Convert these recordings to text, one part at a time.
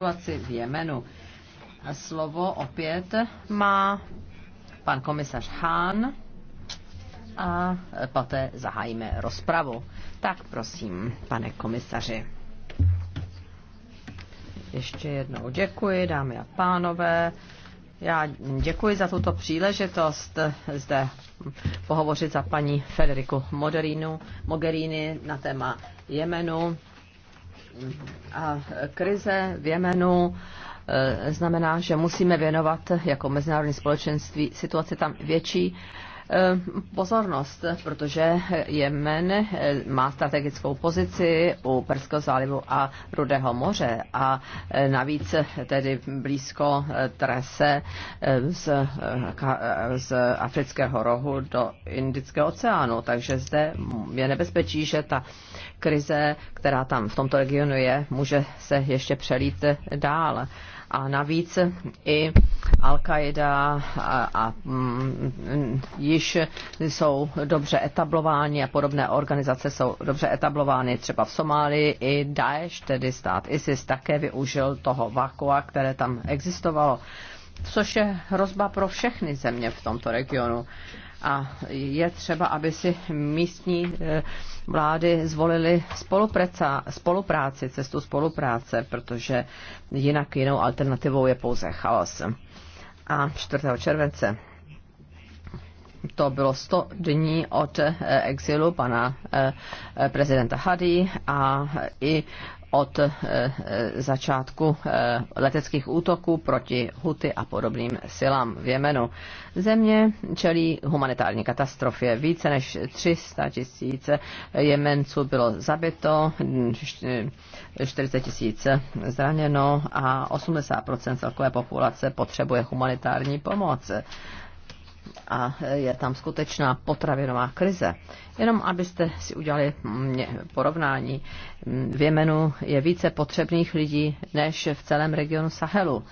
situaci v Jemenu. slovo opět má pan komisař Hán a poté zahájíme rozpravu. Tak prosím, pane komisaři. Ještě jednou děkuji, dámy a pánové. Já děkuji za tuto příležitost zde pohovořit za paní Federiku Moderinu, Mogherini na téma Jemenu. A krize v Jemenu eh, znamená, že musíme věnovat jako mezinárodní společenství situaci tam větší Eh, pozornost, protože Jemen eh, má strategickou pozici u Perského zálivu a Rudého moře a eh, navíc tedy blízko trase z, z afrického rohu do Indického oceánu. Takže zde je nebezpečí, že ta krize, která tam v tomto regionu je, může se ještě přelít dál. A navíc i Al-Qaida a, a mm, již jsou dobře etablováni a podobné organizace jsou dobře etablovány třeba v Somálii. I Daesh, tedy stát ISIS, také využil toho vakua, které tam existovalo, což je hrozba pro všechny země v tomto regionu. A je třeba, aby si místní eh, vlády zvolili spolupráci, cestu spolupráce, protože jinak jinou alternativou je pouze chaos. A 4. července to bylo 100 dní od eh, exilu pana eh, prezidenta Hadi a i od eh, eh, začátku eh, leteckých útoků proti Huty a podobným silám v Jemenu. Země čelí humanitární katastrofě. Více než 300 tisíc Jemenců bylo zabito, 40 tisíc zraněno a 80% celkové populace potřebuje humanitární pomoc a je tam skutečná potravinová krize. Jenom abyste si udělali porovnání, v Jemenu je více potřebných lidí než v celém regionu Sahelu.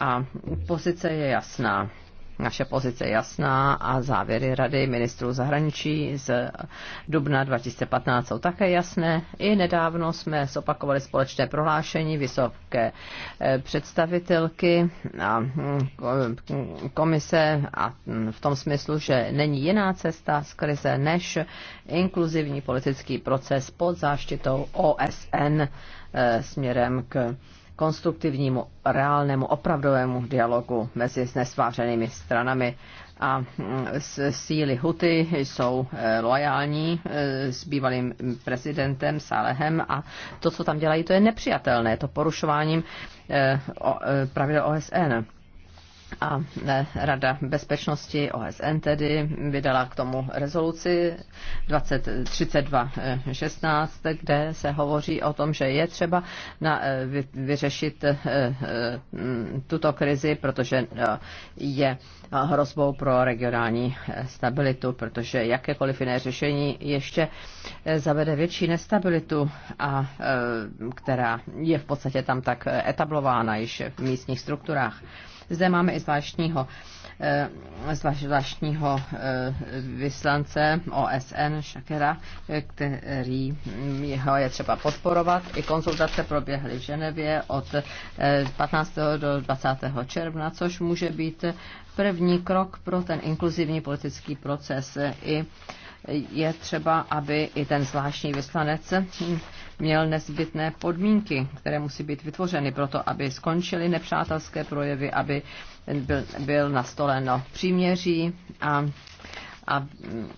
A pozice je jasná. Naše pozice je jasná a závěry Rady ministrů zahraničí z dubna 2015 jsou také jasné. I nedávno jsme zopakovali společné prohlášení vysoké eh, představitelky a mm, komise a mm, v tom smyslu, že není jiná cesta z krize než inkluzivní politický proces pod záštitou OSN eh, směrem k konstruktivnímu, reálnému, opravdovému dialogu mezi nesvářenými stranami. A mm, síly Huty jsou eh, loajální eh, s bývalým prezidentem Salehem a to, co tam dělají, to je nepřijatelné, to porušováním eh, pravidel OSN a Rada bezpečnosti OSN tedy vydala k tomu rezoluci 203216, kde se hovoří o tom, že je třeba na, e, vy, vyřešit e, e, tuto krizi, protože je hrozbou pro regionální stabilitu, protože jakékoliv jiné řešení ještě zavede větší nestabilitu, a, která je v podstatě tam tak etablována již v místních strukturách. Zde máme i zvláštního eh, zvláštního eh, vyslance OSN Šakera, který hm, jeho je třeba podporovat. I konzultace proběhly v Ženevě od 15. Eh, do 20. června, což může být první krok pro ten inkluzivní politický proces. I je třeba, aby i ten zvláštní vyslanec hm, měl nezbytné podmínky, které musí být vytvořeny pro to, aby skončily nepřátelské projevy, aby byl, byl nastoleno příměří a, a mm,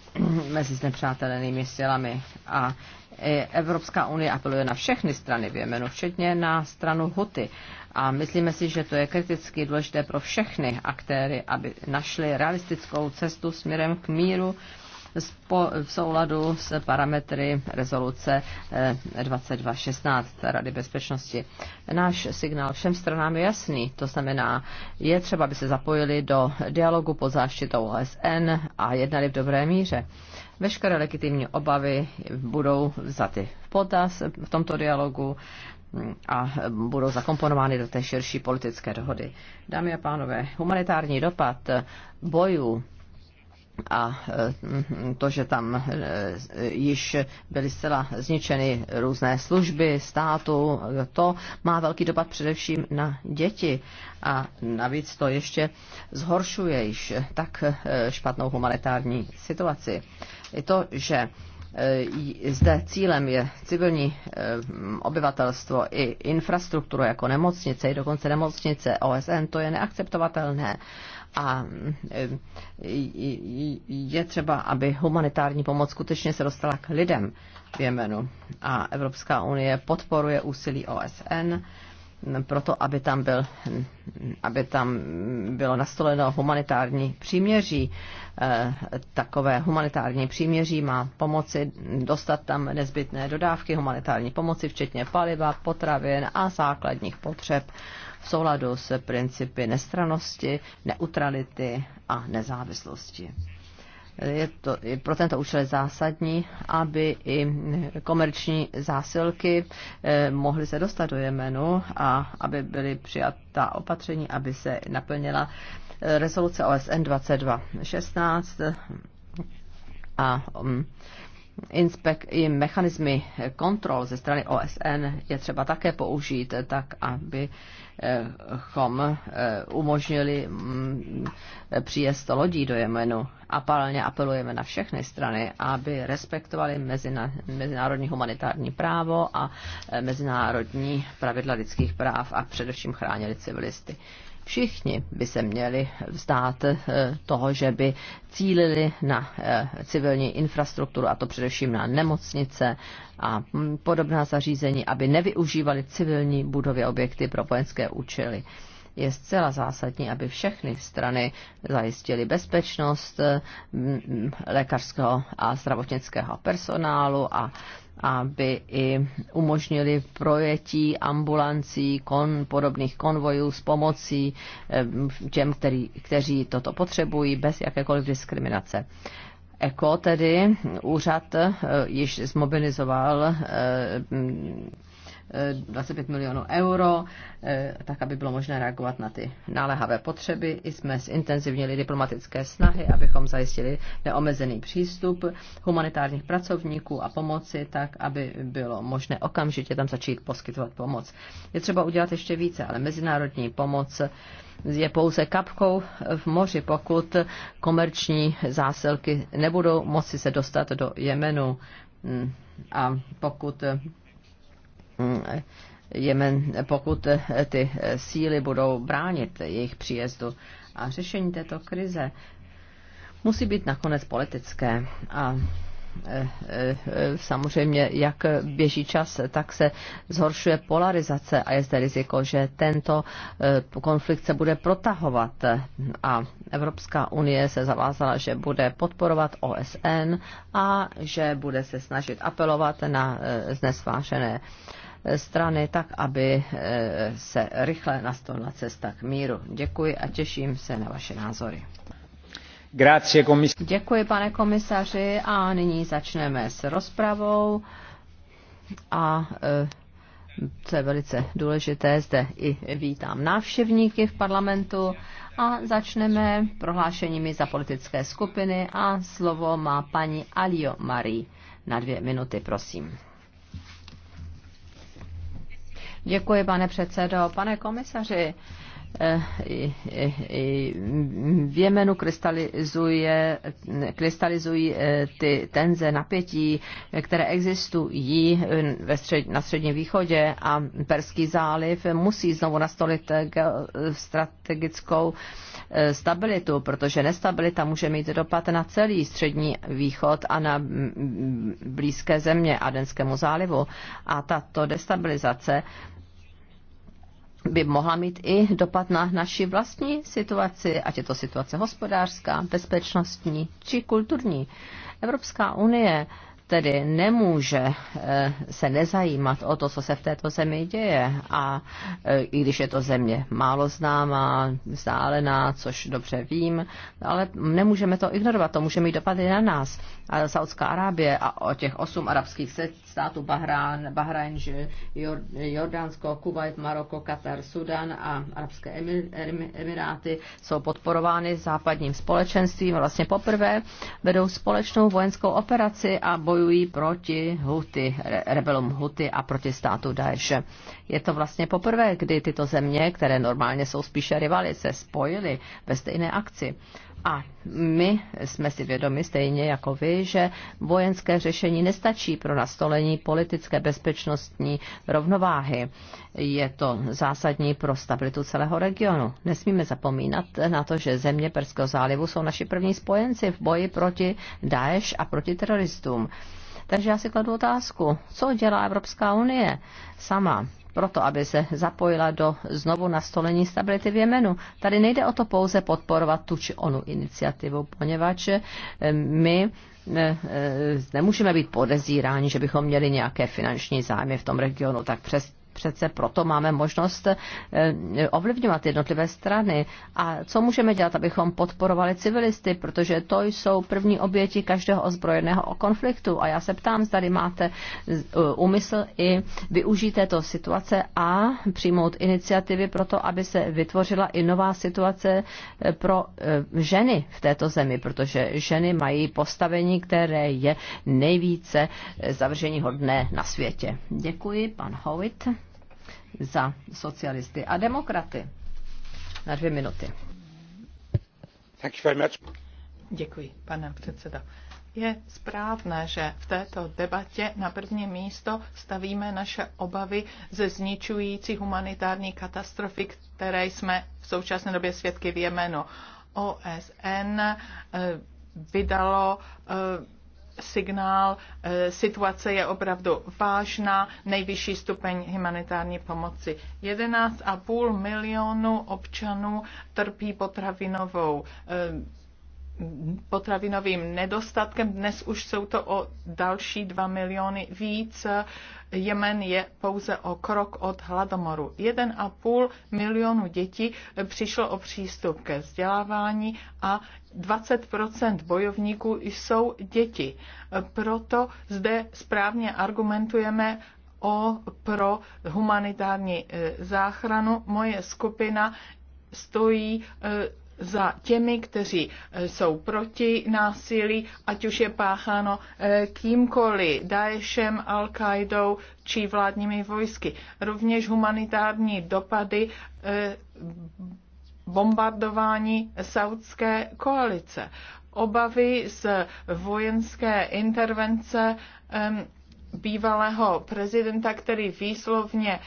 mezi nepřátelenými silami. A e, Evropská unie apeluje na všechny strany v Jemenu, včetně na stranu Huty. A myslíme si, že to je kriticky důležité pro všechny aktéry, aby našli realistickou cestu směrem k míru, v souladu s parametry rezoluce 2216 eh, Rady bezpečnosti. Náš signál všem stranám je jasný, to znamená, je třeba, aby se zapojili do dialogu pod záštitou OSN a jednali v dobré míře. Veškeré legitimní obavy budou vzaty v potaz v tomto dialogu hm, a budou zakomponovány do té širší politické dohody. Dámy a pánové, humanitární dopad bojů a eh, to, že tam eh, již byly zcela zničeny různé služby státu, to má velký dopad především na děti a navíc to ještě zhoršuje již tak eh, špatnou humanitární situaci. I to, že E, zde cílem je civilní e, obyvatelstvo i infrastrukturu jako nemocnice, i dokonce nemocnice OSN, to je neakceptovatelné. A e, je třeba, aby humanitární pomoc skutečně se dostala k lidem v Jemenu. A Evropská unie podporuje úsilí OSN proto, aby tam, byl, aby tam bylo nastoleno humanitární příměří. Eh, takové humanitární příměří má pomoci dostat tam nezbytné dodávky humanitární pomoci, včetně paliva, potravin a základních potřeb v souladu s principy nestranosti, neutrality a nezávislosti je to, je pro tento účel zásadní, aby i komerční zásilky eh, mohly se dostat do Jemenu a aby byly přijata opatření, aby se naplnila eh, rezoluce OSN 2216 a mm, inspek- i mechanismy kontrol ze strany OSN je třeba také použít tak, aby eh, Chom eh, umožnili mm, příjezd lodí do Jemenu. A paralelně apelujeme na všechny strany, aby respektovali mezina- mezinárodní humanitární právo a eh, mezinárodní pravidla lidských práv a především chránili civilisty. Všichni by se měli vzdát eh, toho, že by cílili na eh, civilní infrastrukturu, a to především na nemocnice a hm, podobná zařízení, aby nevyužívali civilní budovy a objekty pro vojenské účely je zcela zásadní, aby všechny strany zajistily bezpečnost eh, lékařského a zdravotnického personálu a aby i umožnili projetí ambulancí, kon, podobných konvojů s pomocí eh, těm, který, kteří toto potřebují, bez jakékoliv diskriminace. ECO, tedy úřad, eh, již zmobilizoval eh, 25 milionů euro, eh, tak aby bylo možné reagovat na ty náléhavé potřeby. I jsme zintenzivnili diplomatické snahy, abychom zajistili neomezený přístup humanitárních pracovníků a pomoci, tak aby bylo možné okamžitě tam začít poskytovat pomoc. Je třeba udělat ještě více, ale mezinárodní pomoc je pouze kapkou v moři, pokud komerční zásilky nebudou moci se dostat do Jemenu mm, a pokud Mm, Jemen, pokud ty síly budou bránit jejich příjezdu. A řešení této krize musí být nakonec politické. A e, e, samozřejmě, jak běží čas, tak se zhoršuje polarizace a je zde riziko, že tento e, konflikt se bude protahovat. A Evropská unie se zavázala, že bude podporovat OSN a že bude se snažit apelovat na znesvážené strany, tak aby eh, se rychle nastolila cesta k míru. Děkuji a těším se na vaše názory. Grazie, komis- Děkuji, pane komisaři, a nyní začneme s rozpravou. A eh, co je velice důležité, zde i vítám návštěvníky v parlamentu a začneme prohlášeními za politické skupiny a slovo má paní Alio Marie. Na dvě minuty, prosím. Děkuji, pane předsedo. Pane komisaři, eh, v Jemenu krystalizuje, krystalizují eh, ty tenze napětí, které existují eh, ve střed, na Středním východě a Perský záliv musí znovu nastolit strategickou stabilitu, protože nestabilita může mít dopad na celý Střední východ a na mm, blízké země Adenskému zálivu. A tato destabilizace by mohla mít i dopad na naši vlastní situaci, ať je to situace hospodářská, bezpečnostní či kulturní. Evropská unie tedy nemůže eh, se nezajímat o to, co se v této zemi děje. A eh, i když je to země málo známá, vzdálená, což dobře vím, ale nemůžeme to ignorovat, to může mít dopady na nás. A Saudská Arábie a o těch osm arabských státu Bahrán, Bahrajn, Jordánsko, Kuwait, Maroko, Katar, Sudan a Arabské Emiráty jsou podporovány západním společenstvím. Vlastně poprvé vedou společnou vojenskou operaci a bojují proti Huty, rebelům Huty a proti státu Daesh. Je to vlastně poprvé, kdy tyto země, které normálně jsou spíše rivalice, spojily ve stejné akci. A my jsme si vědomi, stejně jako vy, že vojenské řešení nestačí pro nastolení politické bezpečnostní rovnováhy. Je to zásadní pro stabilitu celého regionu. Nesmíme zapomínat na to, že země Perského zálivu jsou naši první spojenci v boji proti Daesh a proti teroristům. Takže já si kladu otázku, co dělá Evropská unie sama proto, aby se zapojila do znovu nastolení stability v Jemenu. Tady nejde o to pouze podporovat tu či onu iniciativu, poněvadž eh, my eh, eh, nemůžeme být podezíráni, že bychom měli nějaké finanční zájmy v tom regionu, tak přes přece proto máme možnost eh, ovlivňovat jednotlivé strany. A co můžeme dělat, abychom podporovali civilisty, protože to jsou první oběti každého ozbrojeného konfliktu. A já se ptám, zda máte eh, úmysl i využít této situace a přijmout iniciativy pro to, aby se vytvořila i nová situace eh, pro ženy v této zemi, protože ženy mají postavení, které je nejvíce zavržení hodné na světě. Děkuji, pan Howitt za socialisty a demokraty. Na dvě minuty. Děkuji, pane předsedo. Je správné, že v této debatě na první místo stavíme naše obavy ze zničující humanitární katastrofy, které jsme v současné době svědky v Jemenu. OSN eh, vydalo eh, signál, eh, situace je opravdu vážná, nejvyšší stupeň humanitární pomoci. 11,5 milionu občanů trpí potravinovou eh, potravinovým nedostatkem. Dnes už jsou to o další 2 miliony víc. Jemen je pouze o krok od hladomoru. 1,5 milionu dětí přišlo o přístup ke vzdělávání a 20 bojovníků jsou děti. Proto zde správně argumentujeme o pro humanitární e, záchranu. Moje skupina stojí e, za těmi, kteří eh, jsou proti násilí, ať už je pácháno eh, kýmkoliv, Daeshem, al qaidou či vládními vojsky. Rovněž humanitární dopady eh, bombardování saudské koalice. Obavy z vojenské intervence bývalého prezidenta, který výslovně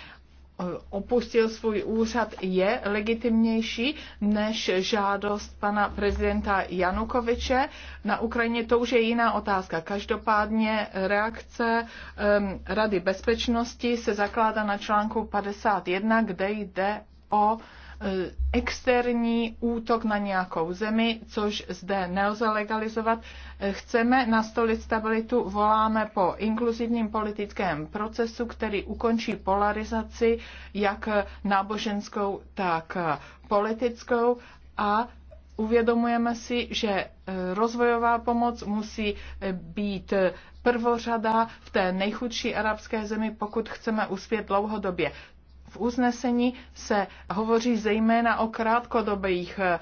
opustil svůj úřad, je legitimnější než žádost pana prezidenta Janukoviče. Na Ukrajině to už je jiná otázka. Každopádně reakce um, Rady bezpečnosti se zakládá na článku 51, kde jde o uh, E, externí útok na nějakou zemi, což zde nelze legalizovat. E, chceme nastolit stabilitu, voláme po inkluzivním politickém procesu, který ukončí polarizaci jak náboženskou, tak politickou a uvědomujeme si, že e, rozvojová pomoc musí být prvořada v té nejchudší arabské zemi, pokud chceme uspět dlouhodobě uznesení se hovoří zejména o krátkodobých eh,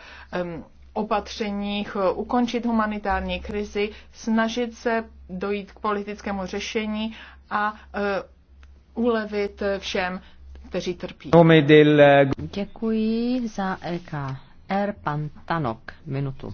opatřeních eh, ukončit humanitární krizi, snažit se dojít k politickému řešení a eh, ulevit všem, kteří trpí. Děkuji za EKR, pan Tanok, minutu.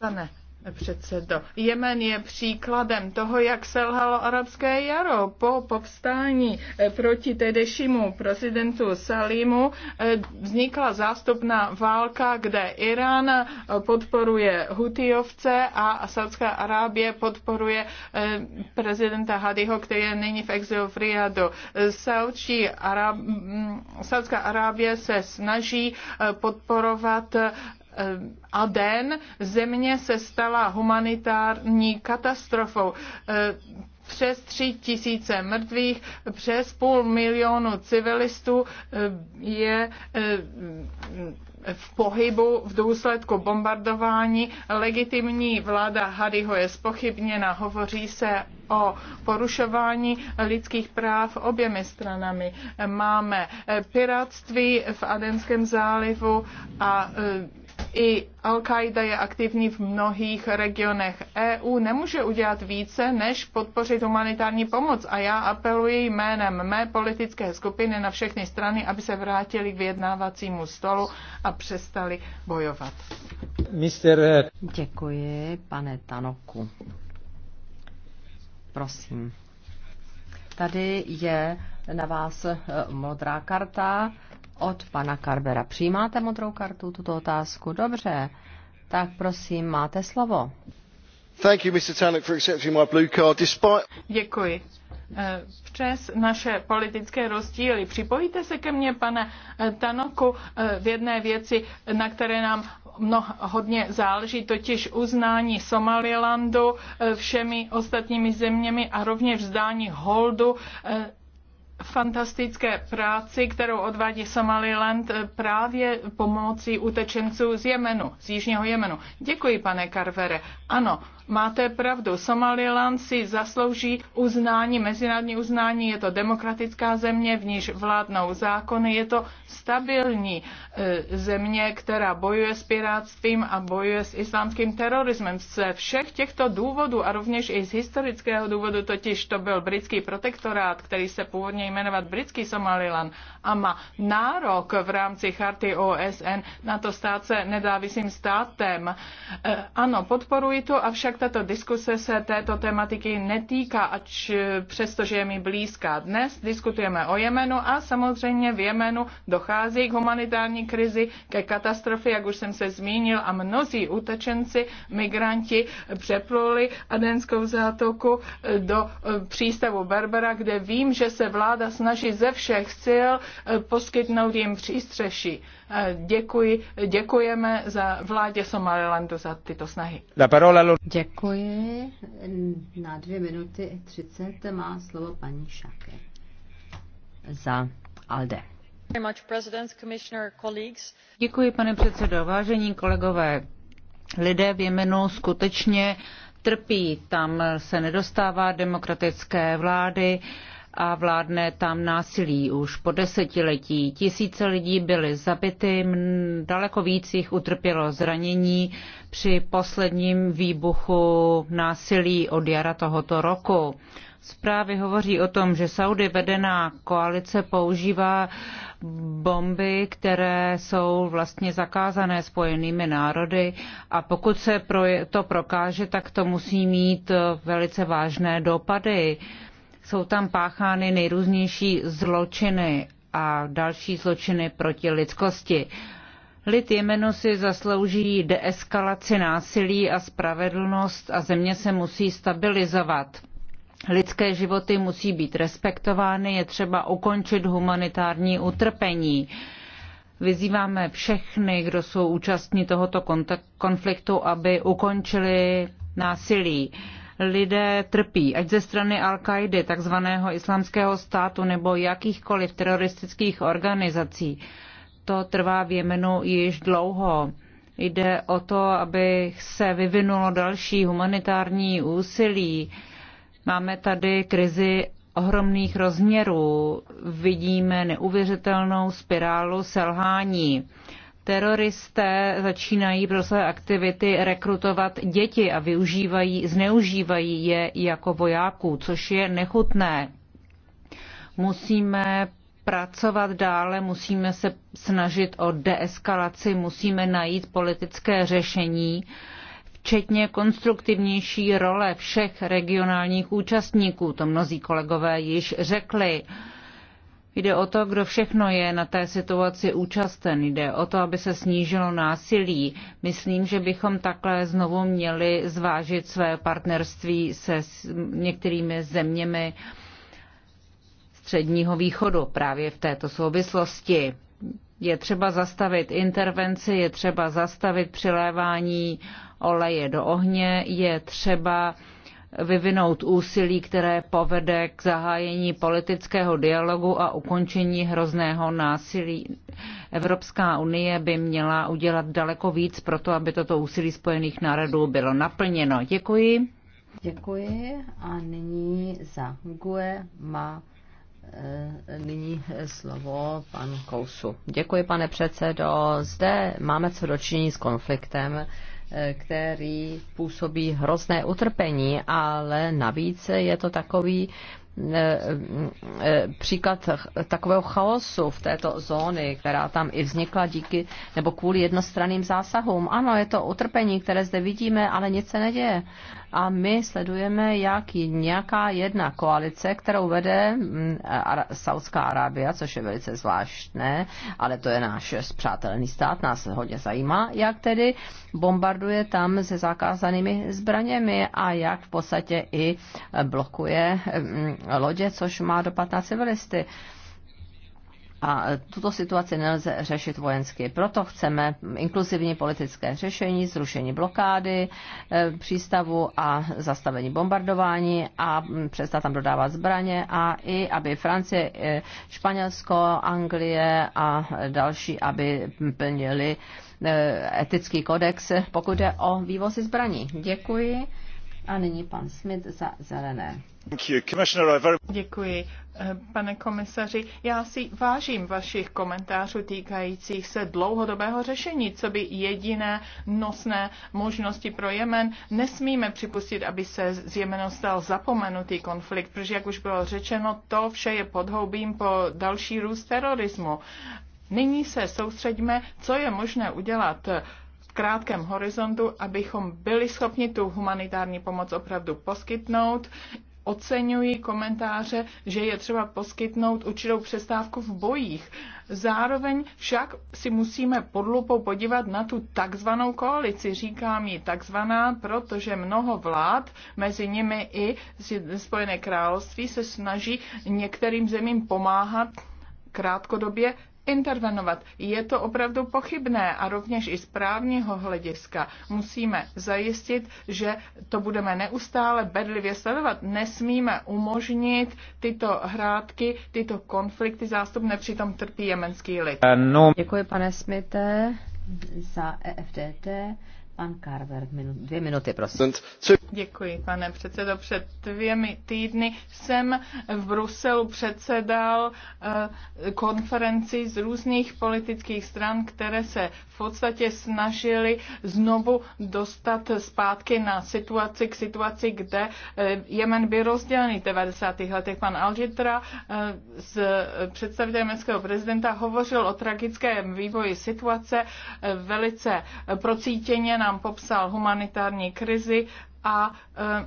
Pane předsedo. Jemen je příkladem toho, jak selhalo arabské jaro. Po povstání eh, proti tehdejšímu prezidentu Salimu eh, vznikla zástupná válka, kde Irán eh, podporuje Hutijovce a Saudská Arábie podporuje prezidenta Hadiho, který je nyní v exilu v Riadu. Arab... Saudská Arábie se snaží podporovat a den země se stala humanitární katastrofou. E, přes tři tisíce mrtvých, přes půl milionu civilistů e, je e, v pohybu v důsledku bombardování. Legitimní vláda Hadyho je spochybněna. Hovoří se o porušování lidských práv oběmi stranami. Máme piráctví v Adenském zálivu a i Al-Qaida je aktivní v mnohých regionech. EU nemůže udělat více, než podpořit humanitární pomoc a já apeluji jménem mé politické skupiny na všechny strany, aby se vrátili k vyjednávacímu stolu a přestali bojovat. Mister... Děkuji, pane Tanoku. Prosím. Tady je na vás eh, modrá karta od pana Karbera. Přijímáte modrou kartu, tuto otázku? Dobře. Tak prosím, máte slovo. Thank you, Mr. Tannock, for accepting my blue card. Despite... Děkuji. Eh, přes naše politické rozdíly. Připojíte se ke mně, pane eh, Tanoku, eh, v jedné věci, na které nám mnoho, hodně záleží, totiž uznání Somalilandu všemi ostatními zeměmi a rovněž vzdání holdu fantastické práci, kterou odvádí Somaliland právě pomocí utečenců z Jemenu, z jižního Jemenu. Děkuji, pane Carvere. Ano, máte pravdu. Somaliland si zaslouží uznání, mezinárodní uznání. Je to demokratická země, v níž vládnou zákony. Je to stabilní e, země, která bojuje s pirátstvím a bojuje s islámským terorismem. Ze všech těchto důvodů a rovněž i z historického důvodu, totiž to byl britský protektorát, který se původně jmenovat britský Somaliland a má nárok v rámci charty OSN na to stát se nezávislým státem. E, ano, podporuji to, avšak tak tato diskuse se této tematiky netýká, ač eh, přestože je mi blízká. Dnes diskutujeme o Jemenu a samozřejmě v Jemenu dochází k humanitární krizi, ke katastrofě, jak už jsem se zmínil, a mnozí utečenci, migranti přepluli Adenskou zátoku eh, do eh, přístavu Berbera, kde vím, že se vláda snaží ze všech sil poskytnout jim přístřeší. Děkuji, děkujeme za vládě Somalilandu za tyto snahy. Děkuji. Děkuji. Na dvě minuty třicet má slovo paní Šake za ALDE. Děkuji, pane předsedo. Vážení kolegové, lidé v Jemenu skutečně trpí. Tam se nedostává demokratické vlády a vládne tam násilí už po desetiletí. Tisíce lidí byly zabity, daleko víc jich utrpělo zranění při posledním výbuchu násilí od jara tohoto roku. Zprávy hovoří o tom, že Saudy vedená koalice používá bomby, které jsou vlastně zakázané spojenými národy a pokud se to prokáže, tak to musí mít velice vážné dopady. Jsou tam páchány nejrůznější zločiny a další zločiny proti lidskosti. Lid Jemenu si zaslouží deeskalaci násilí a spravedlnost a země se musí stabilizovat. Lidské životy musí být respektovány, je třeba ukončit humanitární utrpení. Vyzýváme všechny, kdo jsou účastní tohoto konfliktu, aby ukončili násilí lidé trpí, ať ze strany Al-Kaidy, takzvaného islamského státu nebo jakýchkoliv teroristických organizací. To trvá v Jemenu již dlouho. Jde o to, aby se vyvinulo další humanitární úsilí. Máme tady krizi ohromných rozměrů. Vidíme neuvěřitelnou spirálu selhání teroristé začínají pro své aktivity rekrutovat děti a využívají, zneužívají je jako vojáků, což je nechutné. Musíme pracovat dále, musíme se snažit o deeskalaci, musíme najít politické řešení, včetně konstruktivnější role všech regionálních účastníků. To mnozí kolegové již řekli. Jde o to, kdo všechno je na té situaci účasten. Jde o to, aby se snížilo násilí. Myslím, že bychom takhle znovu měli zvážit své partnerství se některými zeměmi Středního východu právě v této souvislosti. Je třeba zastavit intervenci, je třeba zastavit přilévání oleje do ohně, je třeba vyvinout úsilí, které povede k zahájení politického dialogu a ukončení hrozného násilí. Evropská unie by měla udělat daleko víc pro to, aby toto úsilí Spojených národů bylo naplněno. Děkuji. Děkuji a nyní za GUE má eh, nyní slovo pan Kousu. Děkuji, pane předsedo. Zde máme co dočinit s konfliktem, který působí hrozné utrpení, ale navíc je to takový eh, eh, příklad takového chaosu v této zóny, která tam i vznikla díky nebo kvůli jednostranným zásahům. Ano, je to utrpení, které zde vidíme, ale nic se neděje a my sledujeme, jak nějaká jedna koalice, kterou vede mm, Saudská Arábia, což je velice zvláštné, ale to je náš spřátelný stát, nás hodně zajímá, jak tedy bombarduje tam se zakázanými zbraněmi a jak v podstatě i blokuje mm, lodě, což má dopad na civilisty a e, tuto situaci nelze řešit vojensky. Proto chceme inkluzivní politické řešení, zrušení blokády e, přístavu a zastavení bombardování a přestat tam dodávat zbraně a i, aby Francie, e, Španělsko, Anglie a další, aby plnili etický kodex, pokud jde o vývozy zbraní. Děkuji. A nyní pan Smith za zelené. Děkuji. Eh, pane komisaři, já si vážím vašich komentářů týkajících se dlouhodobého řešení, co by jediné nosné možnosti pro Jemen. Nesmíme připustit, aby se z Jemenu stal zapomenutý konflikt, protože, jak už bylo řečeno, to vše je podhoubím po další růst terorismu. Nyní se soustředíme, co je možné udělat krátkém horizontu, abychom byli schopni tu humanitární pomoc opravdu poskytnout oceňuji komentáře, že je třeba poskytnout určitou přestávku v bojích. Zároveň však si musíme pod lupou podívat na tu takzvanou koalici. Říkám ji takzvaná, protože mnoho vlád, mezi nimi i Spojené království, se snaží některým zemím pomáhat krátkodobě intervenovat. Je to opravdu pochybné a rovněž i z právního hlediska musíme zajistit, že to budeme neustále bedlivě sledovat. Nesmíme umožnit tyto hrádky, tyto konflikty zástupné, přitom trpí jemenský lid. Eh, no. Děkuji, pane Smite, za EFDT. Pan Carver, minu, dvě minuty, prosím. Děkuji, pane předsedo. Před dvěmi týdny jsem v Bruselu předsedal eh, konferenci z různých politických stran, které se v podstatě snažili znovu dostat zpátky na situaci k situaci, kde eh, Jemen byl rozdělený v 90. letech. Pan uh, eh, z představitelem městského prezidenta hovořil o tragickém vývoji situace velice procítěně nám popsal humanitární krizi a eh,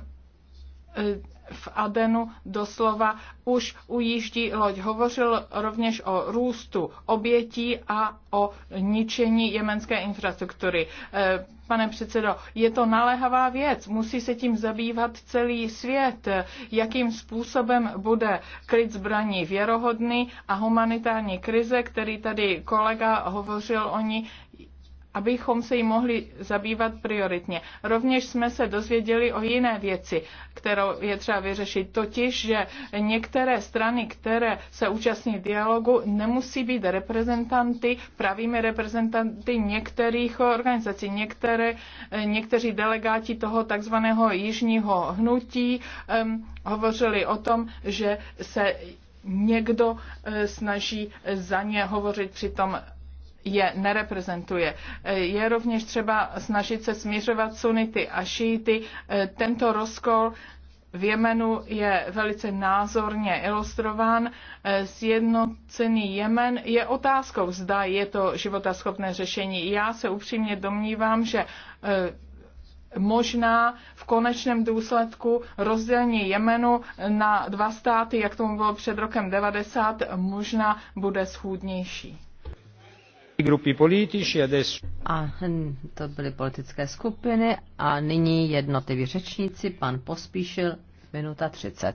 eh, v Adenu doslova už ujíždí loď. Hovořil rovněž o růstu obětí a o ničení jemenské infrastruktury. Eh, pane předsedo, je to naléhavá věc, musí se tím zabývat celý svět, jakým způsobem bude klid zbraní věrohodný a humanitární krize, který tady kolega hovořil o ní, abychom se jí mohli zabývat prioritně. Rovněž jsme se dozvěděli o jiné věci, kterou je třeba vyřešit, totiž, že některé strany, které se účastní dialogu, nemusí být reprezentanty, pravými reprezentanty některých organizací, některé, eh, někteří delegáti toho takzvaného jižního hnutí um, hovořili o tom, že se někdo eh, snaží za ně hovořit, přitom je nereprezentuje. Je rovněž třeba snažit se směřovat sunity a šíty. Tento rozkol v Jemenu je velice názorně ilustrován. Sjednocený Jemen je otázkou, zda je to životaschopné řešení. Já se upřímně domnívám, že eh, možná v konečném důsledku rozdělení Jemenu na dva státy, jak tomu bylo před rokem 90, možná bude schůdnější. A hm, to byly politické skupiny a nyní jednotliví řečníci, pan Pospíšil, minuta 30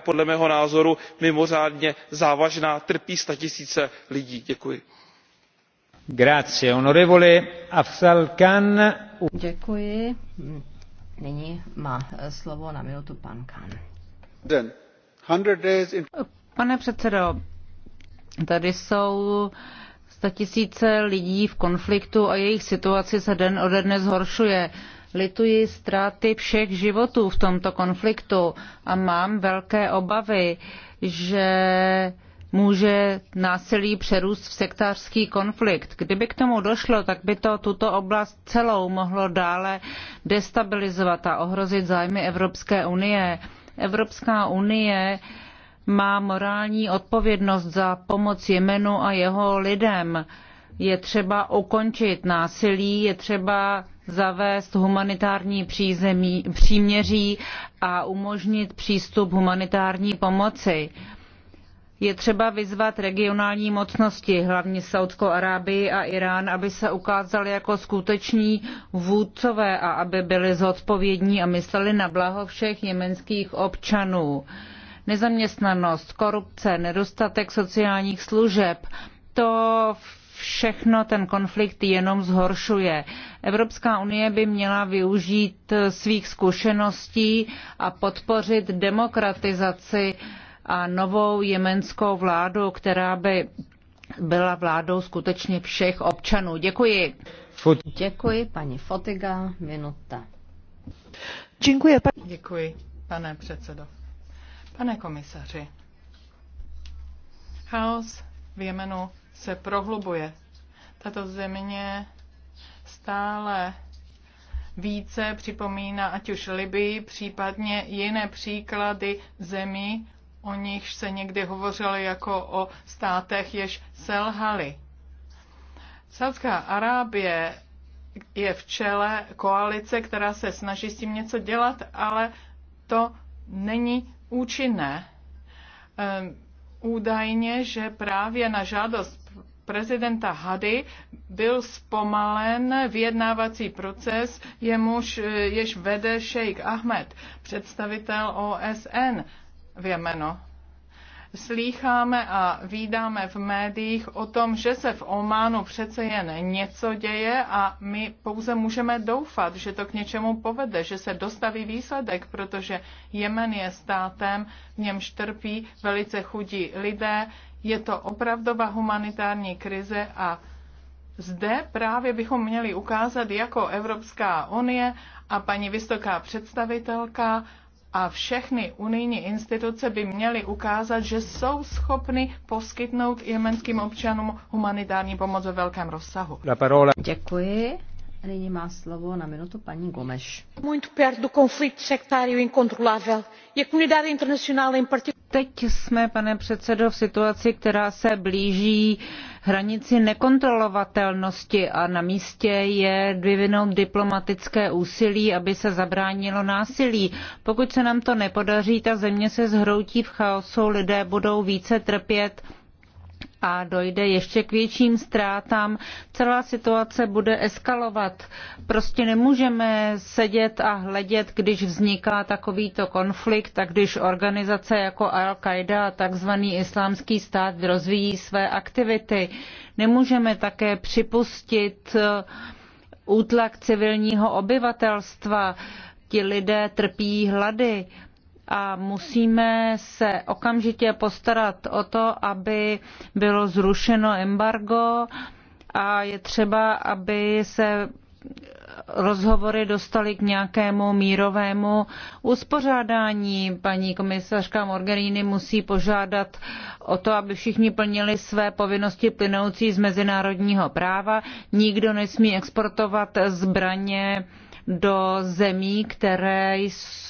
podle mého názoru mimořádně závažná trpí statisíce lidí. děkuji. děkuji. pane předsedající tady jsou statisíce lidí v konfliktu a jejich situace se den ode dne zhoršuje Lituji ztráty všech životů v tomto konfliktu a mám velké obavy, že může násilí přerůst v sektářský konflikt. Kdyby k tomu došlo, tak by to tuto oblast celou mohlo dále destabilizovat a ohrozit zájmy Evropské unie. Evropská unie má morální odpovědnost za pomoc Jemenu a jeho lidem. Je třeba ukončit násilí, je třeba zavést humanitární přízemí, příměří a umožnit přístup humanitární pomoci. Je třeba vyzvat regionální mocnosti, hlavně Saudskou Arábii a Irán, aby se ukázali jako skuteční vůdcové a aby byli zodpovědní a mysleli na blaho všech jemenských občanů. Nezaměstnanost, korupce, nedostatek sociálních služeb, to všechno ten konflikt jenom zhoršuje. Evropská unie by měla využít svých zkušeností a podpořit demokratizaci a novou jemenskou vládu, která by byla vládou skutečně všech občanů. Děkuji. Děkuji, paní Fotiga. Minuta. Děkuji, pa- Děkuji, pane předsedo. Pane komisaři, chaos v Jemenu se prohlubuje. Tato země stále více připomíná ať už Libii, případně jiné příklady zemí, o nichž se někdy hovořilo jako o státech, jež selhaly. Saudská Arábie je v čele koalice, která se snaží s tím něco dělat, ale to není účinné. Ehm, údajně, že právě na žádost prezidenta Hady byl zpomalen vyjednávací proces, jemuž jež vede šejk Ahmed, představitel OSN v Jemenu slýcháme a vídáme v médiích o tom, že se v Ománu přece jen něco děje a my pouze můžeme doufat, že to k něčemu povede, že se dostaví výsledek, protože Jemen je státem, v němž trpí velice chudí lidé, je to opravdová humanitární krize a zde právě bychom měli ukázat jako Evropská unie a paní vysoká představitelka, a všechny unijní instituce by měly ukázat, že jsou schopny poskytnout jemenským občanům humanitární pomoc ve velkém rozsahu. Děkuji. Nyní má slovo na minutu paní Gomeš. do e Teď jsme, pane předsedo, v situaci, která se blíží hranici nekontrolovatelnosti a na místě je vyvinout diplomatické úsilí, aby se zabránilo násilí. Pokud se nám to nepodaří, ta země se zhroutí v chaosu, lidé budou více trpět a dojde ještě k větším ztrátám. Celá situace bude eskalovat. Prostě nemůžeme sedět a hledět, když vzniká takovýto konflikt a když organizace jako Al-Qaida a takzvaný islámský stát rozvíjí své aktivity. Nemůžeme také připustit eh, útlak civilního obyvatelstva. Ti lidé trpí hlady a musíme se okamžitě postarat o to, aby bylo zrušeno embargo a je třeba, aby se rozhovory dostaly k nějakému mírovému uspořádání. Paní komisařka Morgerini musí požádat o to, aby všichni plnili své povinnosti plynoucí z mezinárodního práva. Nikdo nesmí exportovat zbraně do zemí, které jsou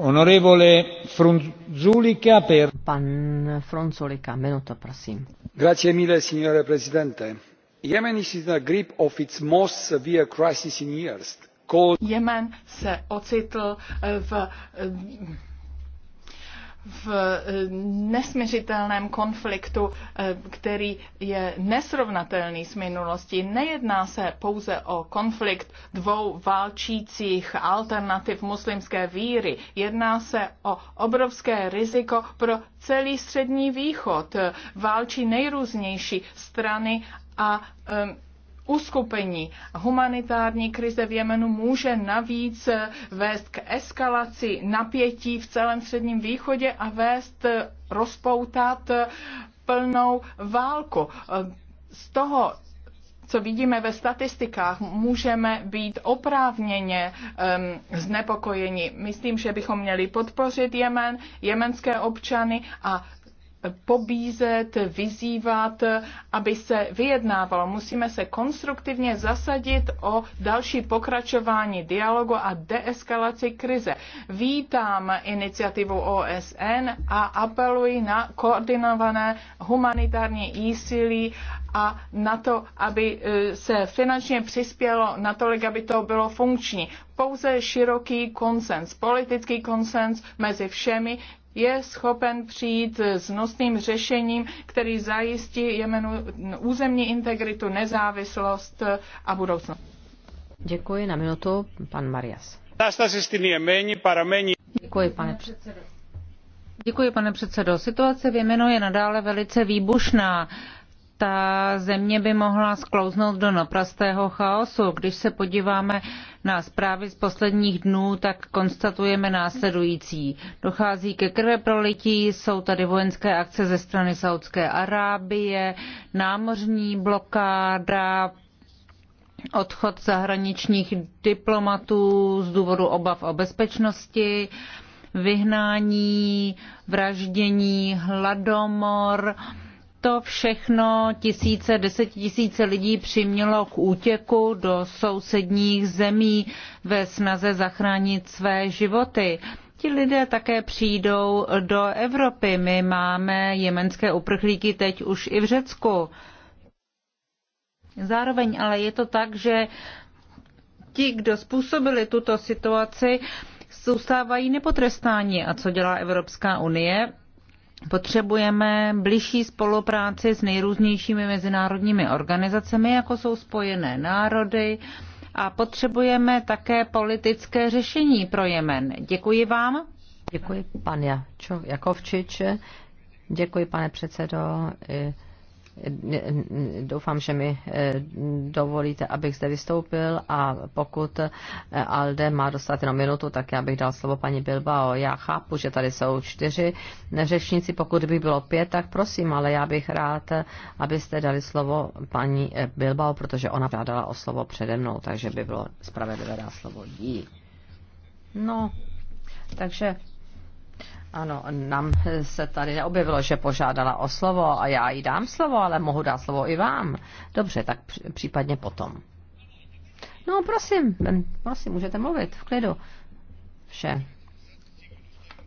Onorevole signore Presidente. Yemen is in the grip of its most severe crisis in years. Called... se ocitl eh, v eh, v eh, nesměřitelném konfliktu, eh, který je nesrovnatelný s minulostí. Nejedná se pouze o konflikt dvou válčících alternativ muslimské víry. Jedná se o obrovské riziko pro celý střední východ. Válčí nejrůznější strany a um, uskupení. Humanitární krize v Jemenu může navíc vést k eskalaci napětí v celém středním východě a vést rozpoutat plnou válku. Z toho co vidíme ve statistikách, můžeme být oprávněně um, znepokojeni. Myslím, že bychom měli podpořit Jemen, jemenské občany a pobízet, vyzývat, aby se vyjednávalo. Musíme se konstruktivně zasadit o další pokračování dialogu a deeskalaci krize. Vítám iniciativu OSN a apeluji na koordinované humanitární úsilí a na to, aby e, se finančně přispělo natolik, aby to bylo funkční. Pouze široký konsens, politický konsens mezi všemi, je schopen přijít s nosným řešením, který zajistí Jemenu územní integritu, nezávislost a budoucnost. Děkuji na minutu, pan Marias. Děkuji, pane předsedo. Děkuji, pane předsedo. Situace v Jemenu je nadále velice výbušná ta země by mohla sklouznout do naprostého chaosu. Když se podíváme na zprávy z posledních dnů, tak konstatujeme následující. Dochází ke krveprolití, jsou tady vojenské akce ze strany Saudské Arábie, námořní blokáda, odchod zahraničních diplomatů z důvodu obav o bezpečnosti, vyhnání, vraždění, hladomor, to všechno tisíce, desetitisíce lidí přimělo k útěku do sousedních zemí ve snaze zachránit své životy. Ti lidé také přijdou do Evropy. My máme jemenské uprchlíky teď už i v Řecku. Zároveň ale je to tak, že ti, kdo způsobili tuto situaci, zůstávají nepotrestáni. A co dělá Evropská unie? Potřebujeme bližší spolupráci s nejrůznějšími mezinárodními organizacemi, jako jsou Spojené národy, a potřebujeme také politické řešení pro Jemen. Děkuji vám. Děkuji, pan Jakovčič. Děkuji, pane předsedo doufám, že mi eh, dovolíte, abych zde vystoupil a pokud eh, Alde má dostat jenom minutu, tak já bych dal slovo paní Bilbao. Já chápu, že tady jsou čtyři řečníci, pokud by bylo pět, tak prosím, ale já bych rád, eh, abyste dali slovo paní Bilbao, protože ona žádala o slovo přede mnou, takže by bylo spravedlivé dát slovo jí. No, takže ano, nám se tady neobjevilo, že požádala o slovo a já jí dám slovo, ale mohu dát slovo i vám. Dobře, tak případně potom. No, prosím, prosím, můžete mluvit v klidu. Vše.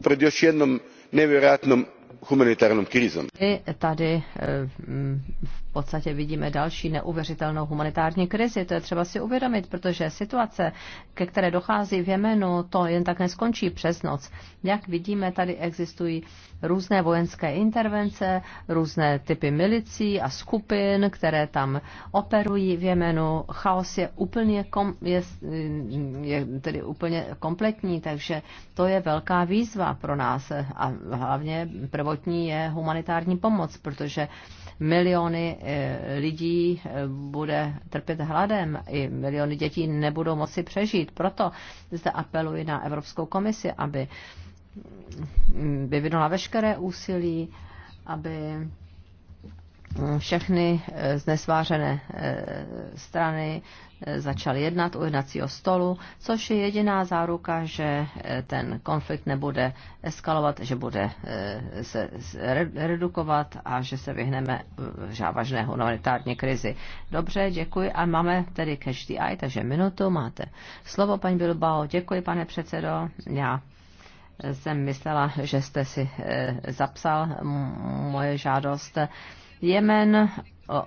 Před ještě jednou nevjerojatnou humanitárnou krizem. I tady eh, v podstatě vidíme další neuvěřitelnou humanitární krizi. To je třeba si uvědomit, protože situace, ke které dochází v Jemenu, to jen tak neskončí přes noc. Jak vidíme, tady existují různé vojenské intervence, různé typy milicí a skupin, které tam operují v Jemenu. Chaos je úplně kom, je, je tedy úplně kompletní, takže to je velká výzva pro nás a hlavně prvotní je humanitární pomoc, protože miliony Eh, lidí eh, bude trpět hladem, i miliony dětí nebudou moci přežít. Proto zde apeluji na Evropskou komisi, aby mm, vyvinula veškeré úsilí, aby mm, všechny eh, znesvářené strany začal jednat u jednacího stolu, což je jediná záruka, že eh, ten konflikt nebude eskalovat, že bude eh, se redukovat a že se vyhneme eh, závažné humanitární krizi. Dobře, děkuji a máme tedy cash the eye, takže minutu máte. Slovo, paní Bilbao, děkuji, pane předsedo. Já jsem myslela, že jste si zapsal moje žádost. Jemen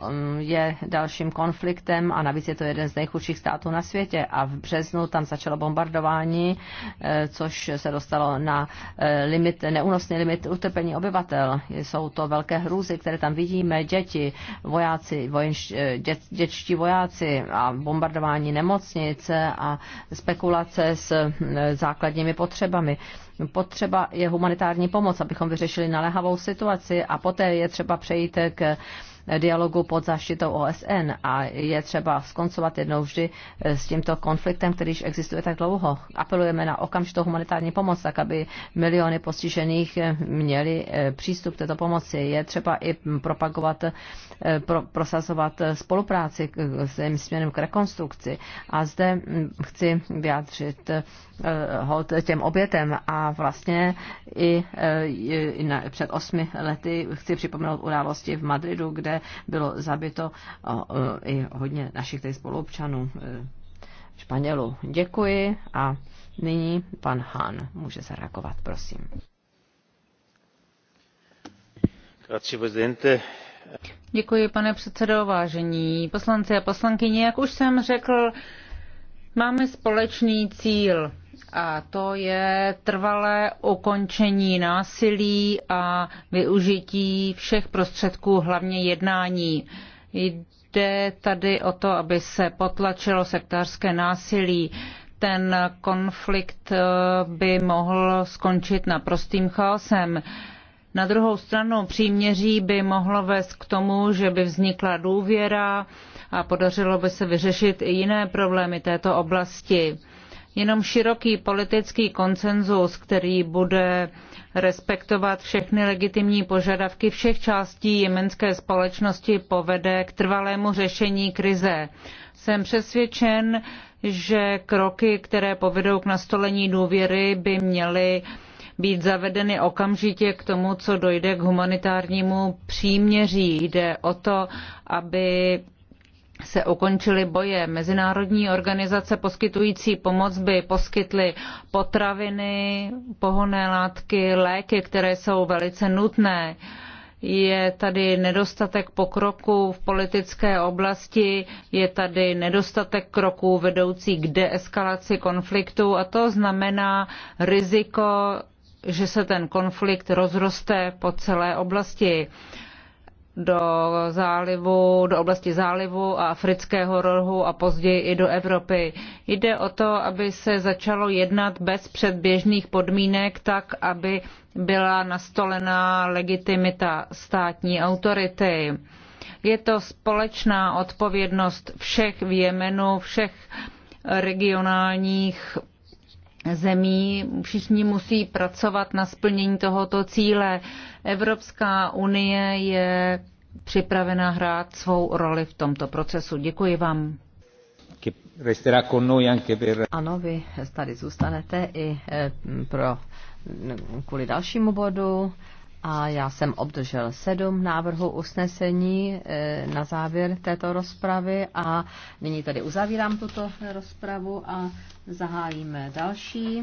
Um, je dalším konfliktem a navíc je to jeden z nejchudších států na světě. A v březnu tam začalo bombardování, e, což se dostalo na e, limit, neúnosný limit utrpení obyvatel. Jsou to velké hrůzy, které tam vidíme, děti, vojáci, vojenš, e, dět, dětští vojáci a bombardování nemocnice a spekulace s základními potřebami potřeba je humanitární pomoc, abychom vyřešili naléhavou situaci a poté je třeba přejít k dialogu pod zaštitou OSN a je třeba skoncovat jednou vždy eh, s tímto konfliktem, který již existuje tak dlouho. Apelujeme na okamžitou humanitární pomoc, tak aby miliony postižených eh, měli eh, přístup k této pomoci. Je třeba i propagovat, pro, prosazovat spolupráci s směrem k rekonstrukci. A zde hm, chci vyjádřit Eh, hod těm obětem a vlastně i, eh, i na, před osmi lety chci připomenout události v Madridu, kde bylo zabito i hodně našich tady spoluobčanů eh, Španělu. Děkuji a nyní pan Han může zareagovat, prosím. Děkuji, pane předsedo, vážení poslanci a poslankyně. Jak už jsem řekl, máme společný cíl a to je trvalé ukončení násilí a využití všech prostředků, hlavně jednání. Jde tady o to, aby se potlačilo sektářské násilí. Ten konflikt eh, by mohl skončit naprostým chaosem. Na druhou stranu příměří by mohlo vést k tomu, že by vznikla důvěra a podařilo by se vyřešit i jiné problémy této oblasti Jenom široký politický konsenzus, který bude respektovat všechny legitimní požadavky všech částí jemenské společnosti, povede k trvalému řešení krize. Jsem přesvědčen, že kroky, které povedou k nastolení důvěry, by měly být zavedeny okamžitě k tomu, co dojde k humanitárnímu příměří. Jde o to, aby se ukončily boje. Mezinárodní organizace poskytující pomoc by poskytly potraviny, pohonné látky, léky, které jsou velice nutné. Je tady nedostatek pokroku v politické oblasti, je tady nedostatek kroků vedoucí k deeskalaci konfliktu a to znamená riziko, že se ten konflikt rozroste po celé oblasti do zálivu, do oblasti zálivu a afrického rohu a později i do Evropy. Jde o to, aby se začalo jednat bez předběžných podmínek tak, aby byla nastolená legitimita státní autority. Je to společná odpovědnost všech v Jemenu, všech regionálních zemí všichni musí pracovat na splnění tohoto cíle. Evropská unie je připravena hrát svou roli v tomto procesu. Děkuji vám. Ano, vy tady zůstanete i eh, pro, kvůli dalšímu bodu a já jsem obdržel sedm návrhů usnesení eh, na závěr této rozpravy a nyní tedy uzavírám tuto rozpravu a zahájíme další.